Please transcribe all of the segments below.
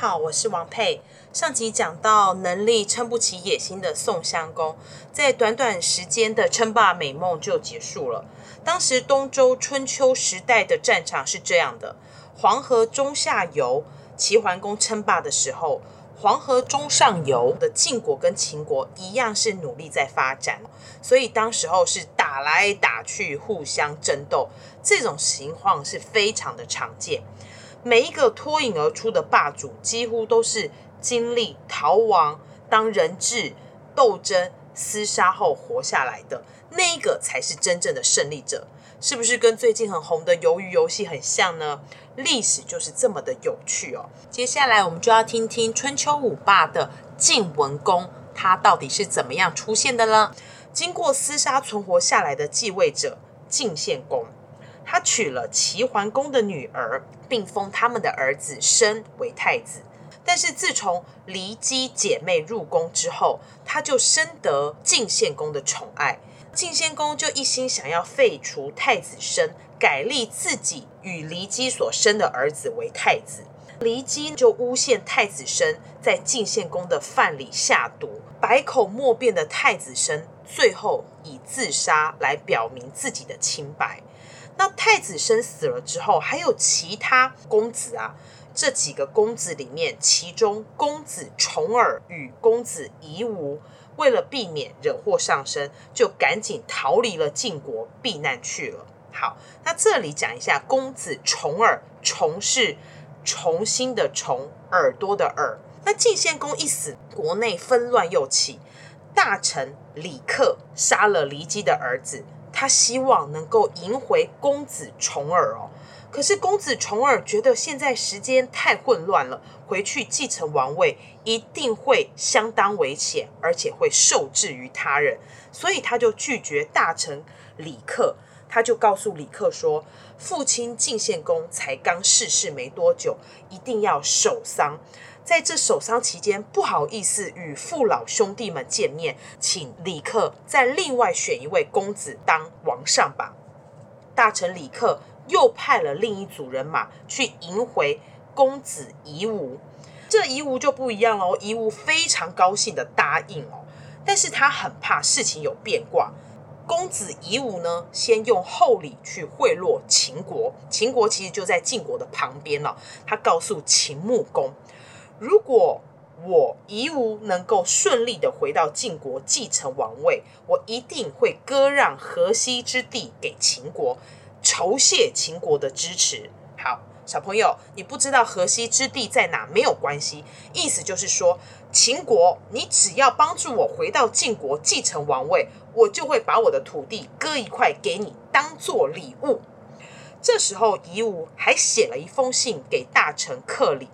好，我是王佩。上集講到能力撐不起野心的宋襄公，在短短時間的稱霸美夢就結束了。當時東周春秋時代的戰場是這樣的：黃河中下游，齊桓公稱霸的時候，黃河中上游的晉國跟秦國一樣是努力在發展，所以當時候是打來打去，互相爭鬥，這種情況是非常的常見。每一個脫穎而出的霸主，幾乎都是經歷逃亡、當人質、鬥爭、廝殺後活下來的，那一個才是真正的勝利者，是不是跟最近很紅的《魷魚遊戲》很像呢？歷史就是這麼的有趣哦。接下來我們就要聽聽春秋五霸的晉文公，他到底是怎麼樣出現的呢？經過廝殺存活下來的繼位者晉獻公。他娶了齊桓公的女兒，並封他們的兒子生為太子。但是自從驪姬姐妹入宮之後，他就深得晉獻公的寵愛。晉獻公就一心想要廢除太子生，改立自己與驪姬所生的兒子為太子。驪姬就誣陷太子生在晉獻公的飯裡下毒，百口莫辯的太子生最後以自殺來表明自己的清白。那太子生死了之後，還有其他公子啊？這幾個公子裡面，其中公子重耳與公子夷吾，為了避免惹禍上身，就趕緊逃離了晉國避難去了。好，那這裡講一下公子重耳，重是重新的重，耳朵的耳。那晉獻公一死，國內紛亂又起，大臣里克殺了驪姬的兒子。他希望能夠迎回公子重耳哦，可是公子重耳覺得現在時間太混亂了，回去繼承王位一定會相當危險，而且會受制於他人，所以他就拒絕大臣李克。他就告訴李克說：“父親晉獻公才剛逝世沒多久，一定要守喪。”在這守喪期間，不好意思與父老兄弟們見面，請李克再另外選一位公子當王上吧。大臣李克又派了另一組人馬去迎回公子夷吾，這夷吾就不一樣了哦。夷吾非常高興的答應哦，但是他很怕事情有變卦。公子夷吾呢，先用厚禮去賄賂秦國，秦國其實就在晉國的旁邊了哦。他告訴秦穆公。如果我夷吾能夠順利的回到晉國繼承王位，我一定會割讓河西之地給秦國，酬謝秦國的支持。好，小朋友，你不知道河西之地在哪，沒有關係。意思就是說，秦國，你只要幫助我回到晉國繼承王位，我就會把我的土地割一塊給你，當做禮物。這時候夷吾還寫了一封信給大臣克里。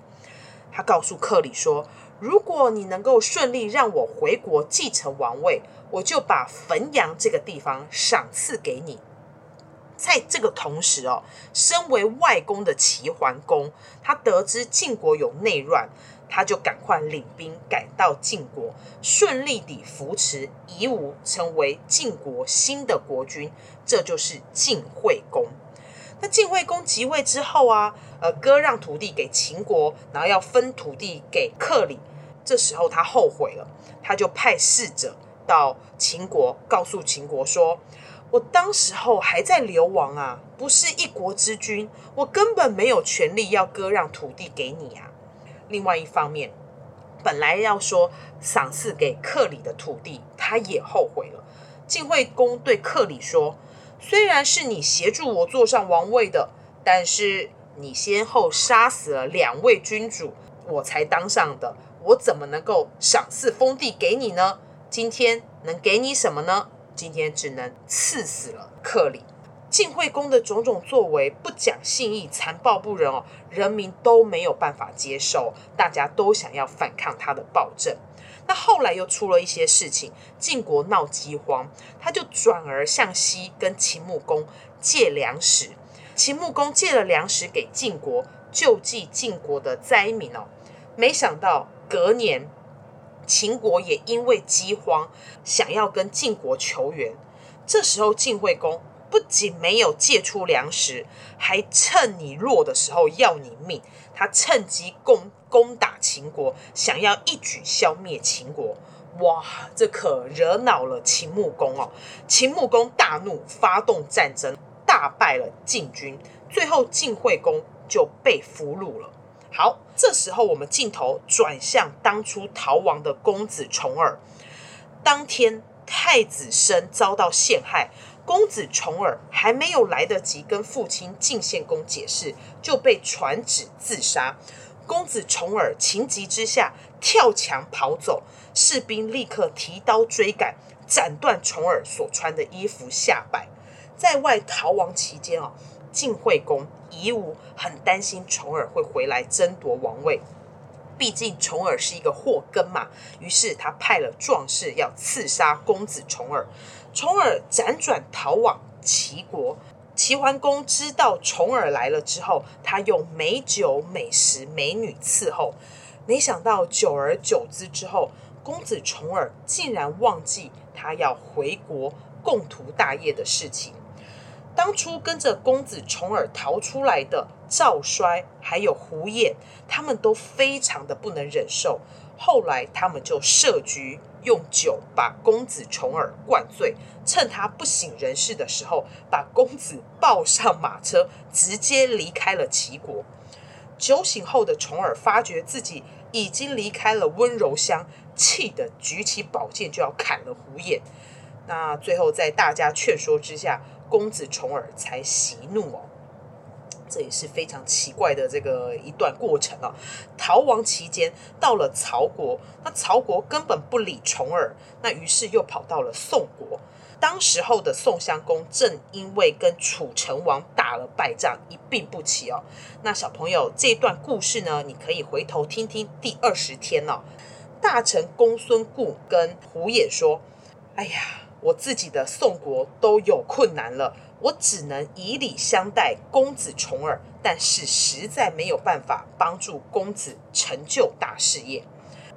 他告訴克里說：“如果你能夠順利讓我回國繼承王位，我就把汾陽這個地方賞賜給你。”在這個同時哦，身為外公的齊桓公，他得知晉國有內亂，他就趕快領兵趕到晉國，順利地扶持夷吾成為晉國新的國君，這就是晉惠公。晉惠公即位之後啊，呃，割讓土地給秦國，然後要分土地給克里。這時候他後悔了，他就派侍者到秦國，告訴秦國說：“我當時候還在流亡啊，不是一國之君，我根本沒有權力要割讓土地給你啊。”另外一方面，本來要說賞賜給克里的土地，他也後悔了。晉惠公對克里說。雖然是你協助我坐上王位的，但是你先後殺死了兩位君主，我才當上的，我怎麼能夠賞賜封地給你呢？今天能給你什麼呢？今天只能賜死了克里。晉惠公的種種作為，不講信義，殘暴不仁哦，人民都沒有辦法接受，大家都想要反抗他的暴政。那後來又出了一些事情，晉國鬧饑荒，他就轉而向西跟秦穆公借糧食。秦穆公借了糧食給晉國，救濟晉國的災民哦。沒想到隔年，秦國也因為饑荒想要跟晉國求援，這時候晉惠公。不僅沒有借出糧食，還趁你弱的時候要你命。他趁機攻攻打秦國，想要一舉消滅秦國。哇，這可惹惱了秦穆公哦。秦穆公大怒，發動戰爭，大敗了晉軍。最後，晉惠公就被俘虜了。好，這時候我們鏡頭轉向當初逃亡的公子重耳。當天，太子申遭到陷害。公子重耳還沒有來得及跟父親晉獻公解釋，就被傳旨自殺。公子重耳情急之下跳牆跑走，士兵立刻提刀追趕，斬斷重耳所穿的衣服下擺。在外逃亡期間啊，晉惠公夷吾很擔心重耳會回來爭奪王位。畢竟重耳是一個禍根嘛，於是他派了壯士要刺殺公子重耳，重耳輾轉逃往齊國。齊桓公知道重耳來了之後，他用美酒、美食、美女伺候，沒想到久而久之之後，公子重耳竟然忘記他要回國共圖大業的事情。當初跟着公子重耳逃出來的趙衰，還有狐偃，他們都非常的不能忍受。後來他們就設局，用酒把公子重耳灌醉，趁他不省人事的時候，把公子抱上馬車，直接離開了齊國。酒醒後的重耳發覺自己已經離開了溫柔鄉，氣得舉起寶劍就要砍了狐偃。那最後在大家勸說之下。公子重耳才喜怒哦，這也是非常奇怪的這個一段過程哦。逃亡期間到了曹國，那曹國根本不理重耳，那於是又跑到了宋國。當時候的宋襄公正因為跟楚成王打了敗仗，一病不起哦。那小朋友，這段故事呢，你可以回頭聽聽。第二十天哦，大臣公孫固跟狐偃說：“哎呀。”我自己的宋國都有困難了，我只能以禮相待公子重耳，但是實在沒有辦法幫助公子成就大事業。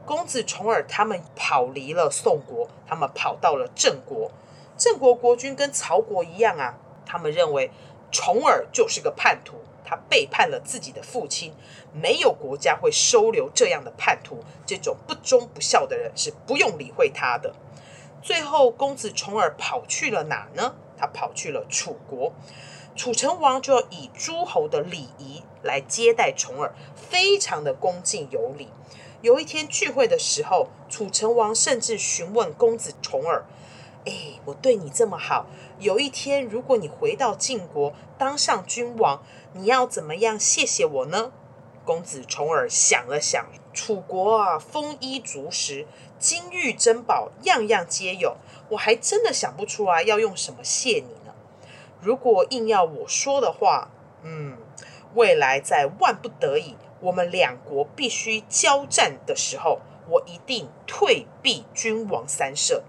公子重耳他們跑離了宋國，他們跑到了鄭國。鄭國國君跟曹國一樣啊，他們認為重耳就是個叛徒，他背叛了自己的父親，沒有國家會收留這樣的叛徒，這種不忠不孝的人是不用理會他的。最後，公子重耳跑去了哪呢？他跑去了楚國，楚成王就要以諸侯的禮儀來接待重耳，非常的恭敬有禮。有一天聚會的時候，楚成王甚至詢問公子重耳：“哎，我對你這麼好，有一天如果你回到晉國當上君王，你要怎麼樣謝謝我呢？”公子重耳想了想。楚國啊，豐衣足食，金玉珍寶，樣樣皆有。我還真的想不出來、啊、要用什麼謝你呢。如果硬要我說的話，嗯，未來在萬不得已，我們兩國必須交戰的時候，我一定退避君王三舍。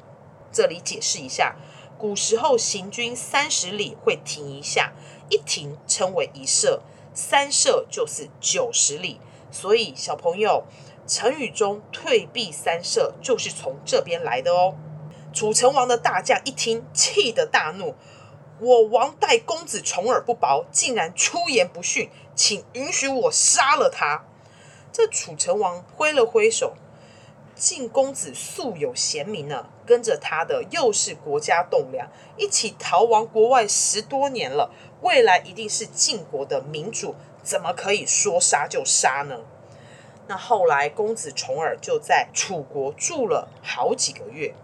這裡解釋一下，古時候行軍三十里會停一下，一停稱為一舍，三舍就是九十里。所以，小朋友，成語中“退避三舍”就是從這邊來的哦。楚成王的大將一聽，氣得大怒：“我王待公子重耳不薄，竟然出言不遜，請允許我殺了他！”這楚成王揮了揮手：“晉公子素有賢名呢，跟着他的又是國家棟梁，一起逃亡國外十多年了，未來一定是晉國的明主。”怎麼可以說殺就殺呢？那後來公子重耳就在楚國住了好幾個月。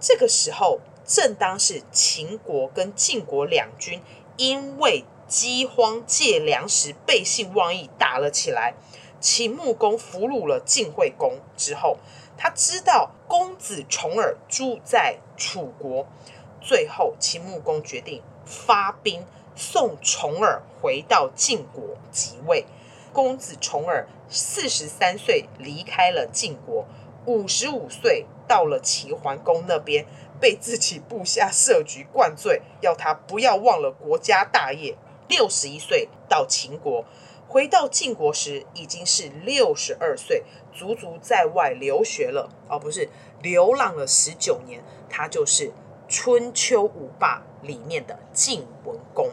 這個時候，正當是秦國跟晉國兩軍因為饑荒借糧食背信忘義打了起來。秦穆公俘虜了晉惠公之後，他知道公子重耳住在楚國，最後秦穆公決定發兵。送重耳回到晉國即位，公子重耳四十三歲離開了晉國，五十五歲到了齊桓公那邊，被自己部下設局灌醉，要他不要忘了國家大業。六十一歲到秦國，回到晉國時已經是六十二歲，足足在外留學了，哦，不是，流浪了十九年。他就是春秋五霸裡面的晉文公。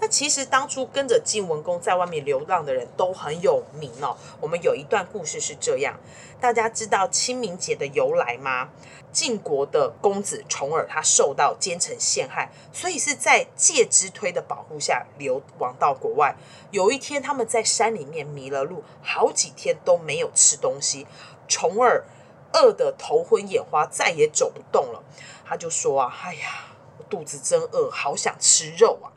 那其實當初跟着晉文公在外面流浪的人都很有名哦。我們有一段故事是這樣：大家知道清明節的由來嗎？晉國的公子重耳他受到奸臣陷害，所以是在介之推的保護下流亡到國外。有一天，他們在山裡面迷了路，好幾天都沒有吃東西，重耳餓得頭昏眼花，再也走不動了。他就說：“啊，哎呀，我肚子真餓，好想吃肉啊！”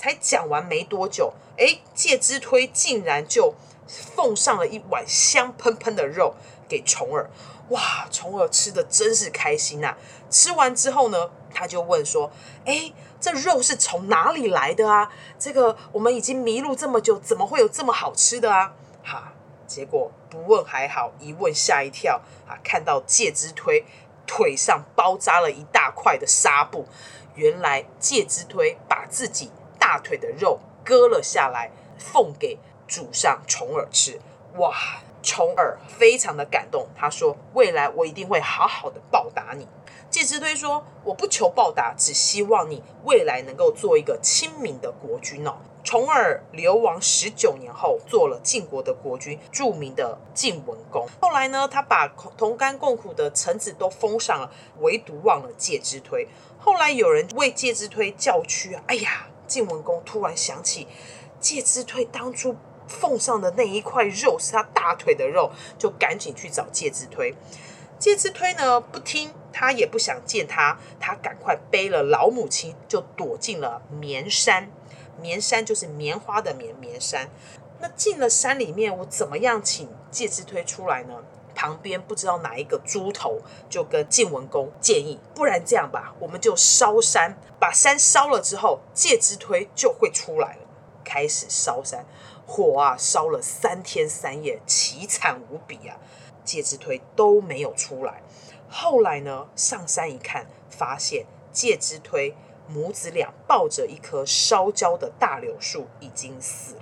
才講完沒多久，誒，介之推竟然就奉上了一碗香噴噴的肉給重耳。哇，重耳吃的真是開心啊！吃完之後呢，他就問說：“誒，這肉是從哪裡來的啊？這個我們已經迷路這麼久，怎麼會有這麼好吃的啊？”哈、啊，結果不問還好，一問嚇一跳啊！看到介之推腿上包紮了一大塊的紗布，原來介之推把自己大腿的肉割了下來，奉給主上重耳吃。哇，重耳非常的感動，他說：“未來我一定會好好的報答你。”介之推說：“我不求報答，只希望你未來能夠做一個親民的國君哦。”重耳流亡十九年後，做了晉國的國君，著名的晉文公。後來呢，他把同甘共苦的臣子都封上了，唯獨忘了介之推。後來有人為介之推叫屈，哎呀。晉文公突然想起介之推當初奉上的那一塊肉是他大腿的肉，就趕緊去找介之推。介之推呢，不聽，他也不想見他，他趕快背了老母親就躲進了綿山。綿山就是棉花的綿，綿山。那進了山裡面，我怎麼樣請介之推出來呢？旁邊不知道哪一個豬頭就跟晉文公建議，不然這樣吧，我們就燒山，把山燒了之後，介之推就會出來了。開始燒山，火啊燒了三天三夜，淒慘無比啊，介之推都沒有出來。後來呢，上山一看，發現介之推母子倆抱着一棵燒焦的大柳樹，已經死了。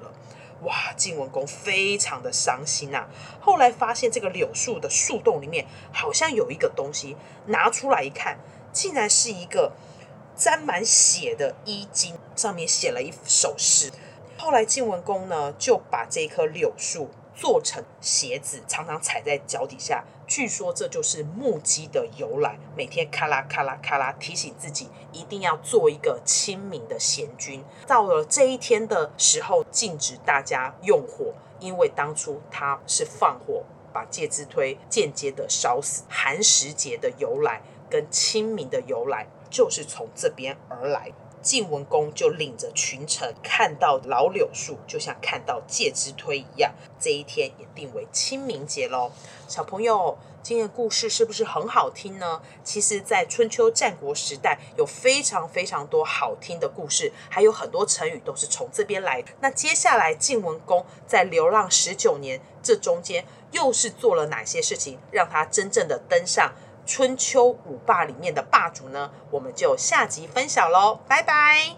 哇，晉文公非常的傷心吶，啊。後來發現這個柳樹的樹洞裡面好像有一個東西，拿出來一看，竟然是一個沾滿血的衣襟，上面寫了一首詩。後來晉文公呢，就把這棵柳樹做成鞋子，常常踩在腳底下。據說這就是木屐的由來，每天咔啦咔啦咔啦，提醒自己一定要做一個清明的賢君。到了這一天的時候，禁止大家用火，因為當初他是放火把介之推間接的燒死。寒食節的由來跟清明的由來就是從這邊而來。晉文公就領着群臣看到老柳樹，就像看到介之推一樣，這一天也定為清明節嘍。小朋友，今天的故事是不是很好聽呢？其實，在春秋戰國時代，有非常非常多好聽的故事，還有很多成語都是從這邊來的。那接下來，晉文公在流浪十九年，這中間又是做了哪些事情，讓他真正的登上？春秋五霸裡面的霸主呢，我們就下集分享嘍，拜拜。